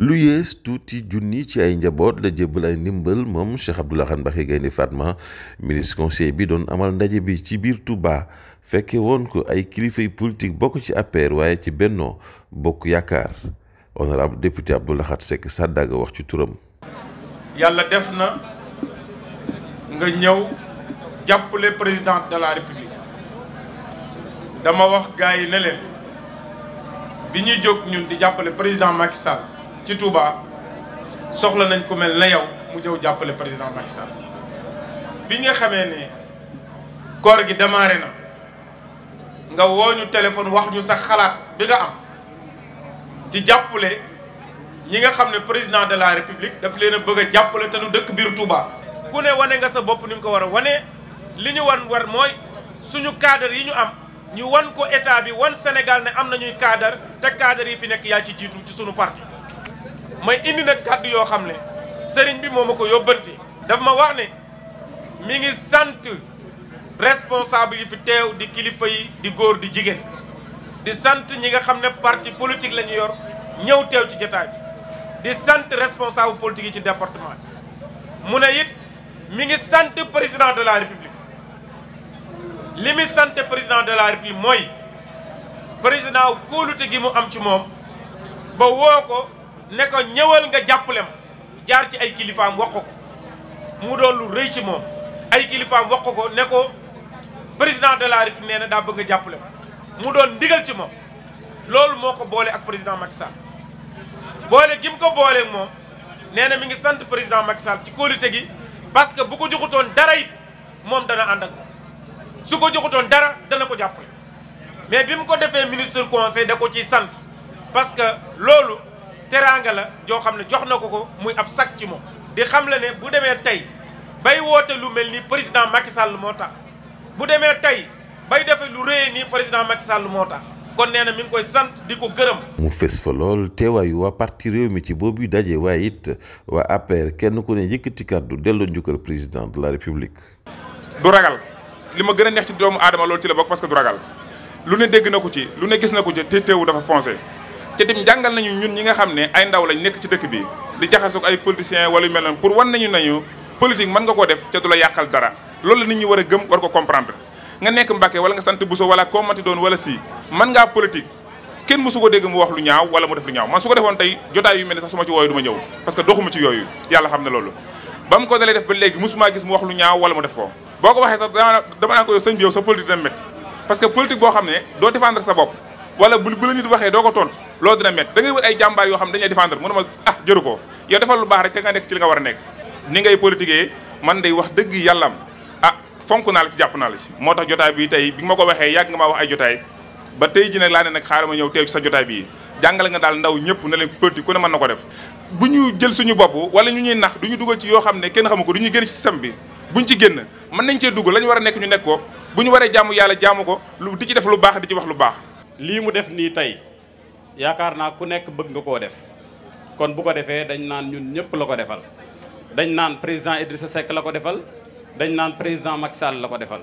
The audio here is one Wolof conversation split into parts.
lu yées tuuti junni ci ay njaboot la jébbal ay ndimbal moom Cheikh Abdou Lahad Mbacké Gaïndé Fatma ministre conseil bi doon amal ndaje bi ci biir Touba fekke woon ko ay kilifay politique bokk ci APR waaye ci Benno Bokk Yaakaar honorable député Abdou Lahad Seck Sadaga wax ci turam. yàlla def na nga ñëw jàppale président de la république dama wax gars yi ne leen bi ñuy jóg ñun di jàppale président Macky Sall. ci Touba soxla nañ ku mel na yow mu jëw jàppale président Macky Sall bi nga xamee ne koor gi démarré na nga woo ñu téléphone wax ñu sax xalaat bi nga am ci jàppale ñi nga xam ne président de la république daf leen a bëgg a jàppale te nu dëkk biir Touba. ku ne wane nga sa bopp ni nga ko war a wane li ñu wan war mooy suñu kaadar yi ñu am ñu wan ko état bi wan senegal ne am nañuy cadre te cadre yi fi nekk yaa ci jiitu ci suñu parti. may indi nag kàddu yoo xam ne sëriñ bi moo ma ko yóbbante dafa ma wax ne mi ngi sant responsable yi fi teew di kilifa yi di góor di jigéen di sant ñi nga xam ne parti politique la ñu yor ñëw teew ci jotaay bi di sant responsable politique yi ci département mu ne it mi ngi sant président de la république li mi sant président de la république mooy président kóolute gi mu am ci moom ba woo ko ne ko ñëwal nga jàppale ma jaar ci ay kilifaam wax ko mu doon lu rëy ci moom ay kilifaam wax ko ne ko président de la République nee na daa bëgg a jàppale ma mu doon ndigal ci moom loolu moo ko boole ak président Macky boole gi mu ko boolee moom nee na mi ngi sant président Macky ci kóolute gi parce que bu ko joxutoon dara it moom dana ànd ak su ko joxutoon dara dana ko jàppale mais bi mu ko defee ministre conseil da ko ciy sant parce que loolu teraanga la joo xam ne jox na ko ko muy ab sac ci moom di xam la ne bu demee tey bay woote lu mel ni président Macky Sall moo tax bu demee tey bay defee lu rëy nii président Macky Sall moo tax kon nee na mi ngi koy sant di ko gërëm. mu fes fa lool teewaayu waa parti réew mi ci boobu dajee waaye it waa APR kenn ku ne yëkkati kàddu delloo njukkal président de la république. du ragal li ma gën a neex ci doomu aadama lool ci la bokk parce que du ragal lu ne dégg na ko ci lu ne gis na ko ci dafa foncé. te tim jàngal nañu ñun ñi nga xam ne ay ndaw lañ nekk ci dëkk bi di jaxasoog ay politiciens wala yu mel noonu pour wan nañu nañu politique mën nga koo def te du la yàqal dara loolu la nit ñi war a gëm war ko comprendre nga nekk Mbàkke wala nga sant Bousso wala koo manti doon wala si mën ngaa politique kenn mësu ko dégg mu wax lu ñaaw wala mu def lu ñaaw man su ko defoon tey jotaay yu mel ne sax su ma ci wooyu du ma ñëw parce que doxuma ci yooyu yàlla xam ne loolu def ba léegi mësumaa gis mu wax lu ñaaw wala mu def ko boo ko waxee sax dama naan ko parce que politique boo xam ne doo défendre sa bopp wala bu bu la nit waxee doo ko tontu loolu dina métti da ngay wër ay jàmbaar yoo xam dañuy défendre mënu ma ah jëru ko yow defal lu baax rek ca nga nekk ci li nga war a nekk wax dëgg yàllam ah fonk naa la jàpp naa la ci moo tax jotaay bi tey bi ma ko waxee yàgg nga maa ay jotaay ba tey ji nag laa ne nag ma ñëw teew ci sa jotaay bii jàngale daal ndaw ñëpp ne leen politique mën na ko def bu ñu jël suñu bopp wala ñu ñuy nax du ñu dugal ci yoo xam ne kenn xamu ko du ñu génn ci système bi buñ génn mën nañ cee dugg la ñu war nekk ñu nekk ko bu ñu waree jaamu yàlla jàmm ko lu di ci def lu baax di ci wax lu baax lii mu def nii tey yaakaar naa ku nekk bëgg nga koo def kon bu ko defee dañ naan ñun ñëpp la ko defal dañ naan président sa Seck la ko defal dañ naan président Macky Sall la ko defal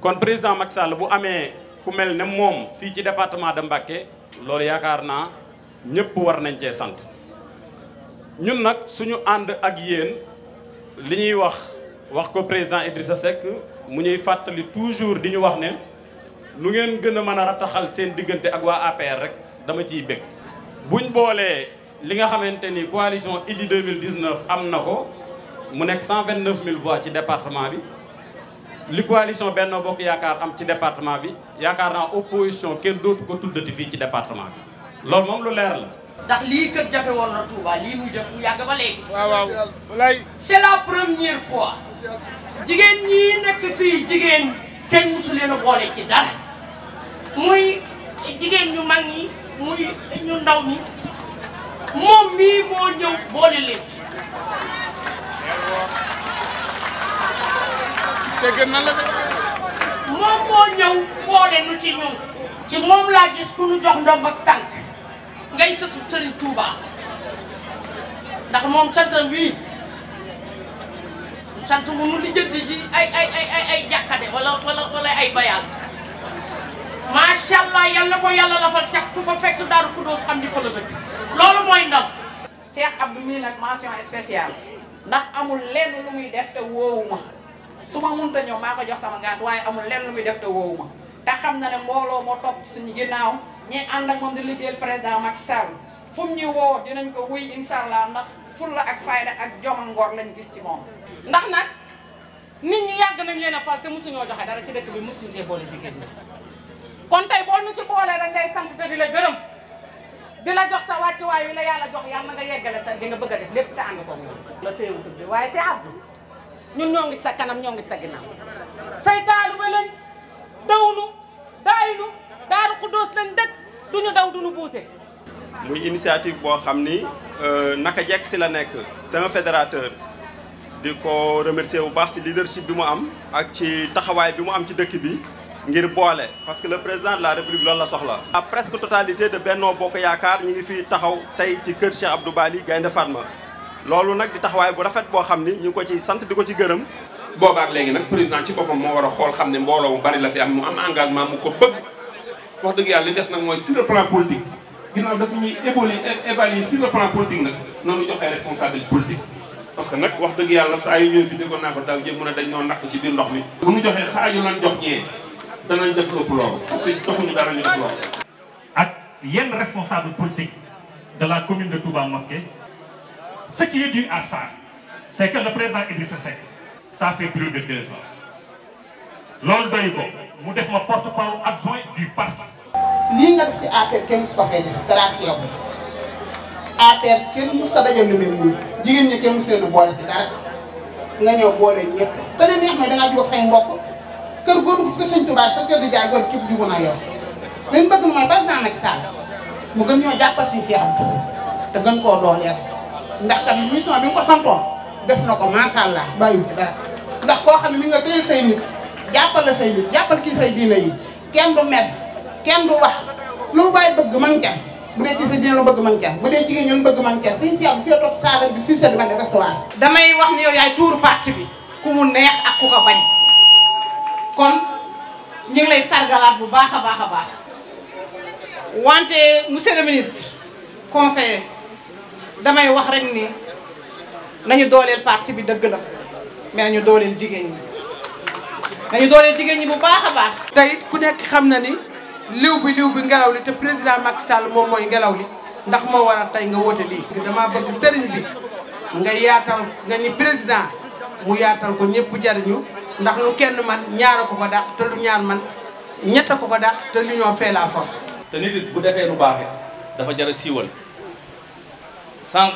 kon président Macky Sall bu amee ku mel ne moom fii ci département de Mbacké loolu yaakaar naa ñëpp war nañ cee sant ñun nag suñu ànd ak yéen li ñuy wax wax ko président sa Seck mu ñuy fàttali toujours di ñu wax ne lu ngeen gën a rataxal seen diggante ak wa APR rek dama ciy bég buñ boolee li nga xamanteni coalition Idy 2019 am na ko mu nekk 129000 voix ci département bi li coalition Benno Bokk yaakar am ci département bi yaakar na opposition kenn dootu ko tuddati fi ci département bi loolu mom lu leer la. ndax li kër jafe woon na Touba li muy def mu yag ba léegi. waaw waaw c'est la première fois. jigéen ñi nekk fi jigéen kenn musulena leen boole ci dara. muy jigéen ñu mag ñi muy ñu ndaw mi moom mii moo ñëw boole leen. moom moo ñëw boole nu ci ñun. ci moom laa gis ku nu jox ndomb ak tànk ngay sëtu Serigne Touba ndax moom santam bii sant mu nu lijjanti ci ay ay ay ay jàkkade wala wala wala ay bayaal. inshallah yalla yàlla ko yàlla lafal cat ku ko fekk daaru kudoos xam ni fa la dëkk loolu moy ndam Cheikh Abdou mii nak mention spéciale ndax amul lenn lu muy def te wowuma suma munta ñëw mako jox sama gant waye amul lenn lu muy def te wowuma ta xam na ne mbooloo moo topp suñu ginaaw ñi and ak mom di liggéeyal président Macky Sall fu ñu wo dinañ ko wuy inshallah ndax fulla ak fayda ak jom ngor lañu gis ci mom ndax nak nit ñi yag nañ leena fal te musuñu joxe dara ci dëkk bi musuñu cee bolé jigéen ñi. kon tey boo nu ci boolee dañ lay sant te di la gërëm di la jox sa wàccuwaay yi la yàlla jox yàlla nga yeggale sa di nga def lépp te ànd ko la téewu tëdd waaye si abdu ñun ñoo ngi sa kanam ñoo ngi sa ginnaaw say taalu ba lañ dawnu daaynu daaru xuddoos lañ dëkk duñu daw duñu buuse muy initiative boo xam ni euh, naka jekk si la nekk c'est un fédérateur di ko remercier bu baax si leadership bi mu am ak ci taxawaay bi mu am ci dëkk bi ngir boole parce que le président de la république loolu la soxla. à presque totalité de Benno Bokk Yaakaar ñu ngi fi taxaw tey ci kër Cheikh Abdou Bali Gaynde Fatma loolu nag di taxawaay bu rafet boo xam ni ñu ngi ko ci sant di ko ci gërëm. boobaak léegi nag président ci boppam moo war a xool xam ne mbooloo mu bari la fi am mu am engagement mu ko bëgg wax dëgg yàlla li des nag mooy sur le plan politique ginnaaw daf ñuy évoluer évaluer sur le plan politique nag noonu joxee responsabilité politique. parce que nag wax dëgg yàlla saa yu ñëw fi déggoon naa ko daaw jéem mën a dañ ñoo naq ci biir ndox mi. bu ñu joxee xaaju lan jox ñee. danañ def loolu parce que taxuñu dara ñu def loolu. ak yenn responsable politique de la commune de Touba Mosquée ce qui est dû à ça c'est que le président Idrissa Seck ça fait de loolu doy ko mu def ma porte-parole adjoint du parti. lii nga def ci APR kenn su ko fee def grâce yow kenn mu sa dajal lu mel jigéen ñi kenn mu seenu boole ci dara nga ñëw boole ñëpp te ne neex na dangaa jóg say mbokk. kër góor ko sëñ Tuubaa sa kër di jaay góor képp jubóo na yow liñ bëgg mooy président Macky Sall mu gën ñoo jàppal suñu Seex Abdu te gën koo dooleel ndax kat mission bi nga ko santoon def na ko macha allah bàyyiwul dara ndax koo xam mi nga téye say nit jàppal la say nit jàppal kii say diina yi kenn du mer kenn du wax lu waay bëgg man ca bu dee jëfe dina la bëgg man ca bu dee jigéen ñun bëgg man ca suñu Seex Abdu fee toog bi suñu seet man damay wax yow yaay parti bi ku mu neex ak ku ko bañ kon ñu ngi lay sargalaat bu baax a baax a baax wante monsieur le ministre conseiller damay wax rek ni nañu dooleel parti bi dëgg la mais nañu dooleel jigéen ñi nañu dooleel jigéen ñi bu baax a baax tey ku nekk xam na ni liw bi liw bi ngelaw li te président Macky Sall moom mooy ngelaw li ndax moo waral tey nga woote lii dama bëgg sëriñ bi nga yaatal nga ni président mu yaatal ko ñëpp jariñu ndax lu kenn man ñaar ko ko dàq te lu ñaar man ñett ko ko dàq te lu ñoo fait la force. te nit it bu defee lu baax dafa jar a siiwal sànq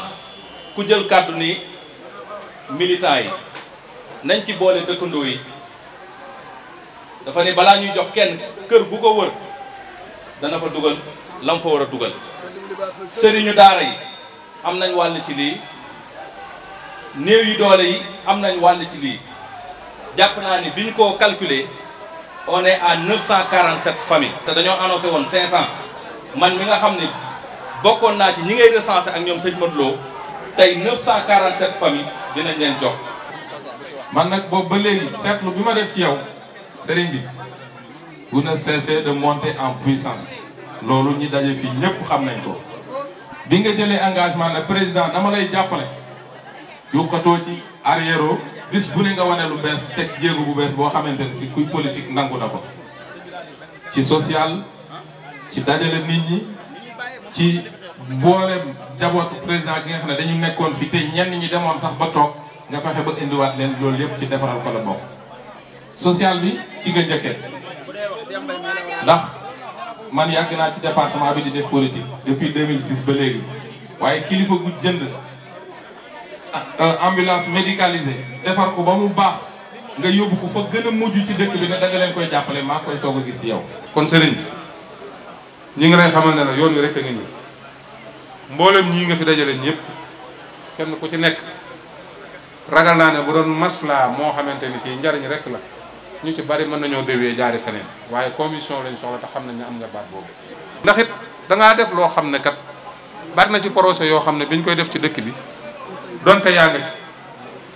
ku jël kàddu ni militants yi nañ ci boole dëkkandoo yi dafa ne balaa ñuy jox kenn kër gu ko wër dana fa dugal lam fa war a dugal. sëriñu daara yi am nañ wàll ci lii néew yi doole yi am nañ wàll ci lii. jàpp naa ni bi ñu ko calculer on est à 947 familles te dañoo annoncé woon 500 man mi nga xam ni bokkoon naa ci ñi ngay recensé ak ñoom sëñ Modou Lo tey 947 familles dinañ leen jox. man nag boobu ba léegi seetlu bi ma def ci yow sëriñ bi vous ne cessez de monter en puissance loolu ñi daje fii ñëpp xam nañ ko. bi nga jëlee engagement le président dama lay jàppale yukkatoo ci arrière bis bu ne nga wanee lu bees te jéego bu bees boo xamante ne si kuy politique nangu na ko ci social ci dajale nit ñi ci mboolem jabootu président gi nga xam ne dañu nekkoon fii te ñenn ñi demoon sax ba toog nga fexe ba indiwaat leen loolu yëpp ci defaral ko la bokk. social bi ci nga njëkkee ndax man yàgg naa ci département bi di def politique depuis 2006 ba léegi waaye kilifa gu jënd. Euh, ambulance médicalisée defar ko ba mu baax nga yóbbu ko fa gën a mujj ci dëkk bi ne da nga leen koy jàppale maa koy soog a gis ci yow. kon sëriñ ñi ngi lay xamal ne la yoon wi rek a ngi nii mboolem ñii nga fi dajale ñëpp kenn ku ci nekk ragal naa ne bu doon maslaa moo xamante ni si njariñ rek la ñu ci bari mën nañoo déwee jaari feneen waaye commission lañ soxla te xam nañ ne am nga baat boobu. ndax it da ngaa def loo xam ne kat bari na ci projet yoo xam ne biñ koy def ci dëkk bi. donte yaa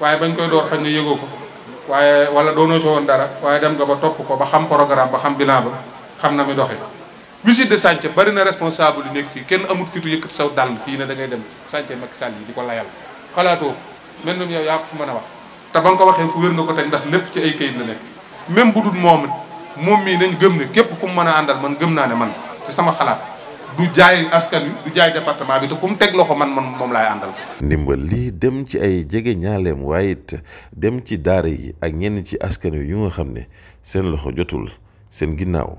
waaye bañ koy door xëy nga yëgoo ko waaye wala doonoo ci woon dara waaye dem nga ba topp ko ba xam programme ba xam bilan ba xam na mi doxee. visite de chantier bari na responsable yi nekk fii kenn amut fitu yëkkati saw dàll fii ne da ngay dem chantier Macky Sall yi di ko layal xalaatoo mel ni yow yaa ko fi mën a wax. te ba nga ko waxee fu wér nga ko teg ndax lépp ci ay kayit la nekk même bu dul moom moom mii nañ gëm ne képp ku mu mën a àndal man gëm naa ne man ci sama xalaat. du jaay askan wi du jaay département bi te ku mu teg loxo man man moom laay àndal. ndimbal lii dem ci ay jege ñaaleem waaye it dem ci daara yi ak ñenn ci askan wi yu nga xam ne seen loxo jotul seen ginnaaw.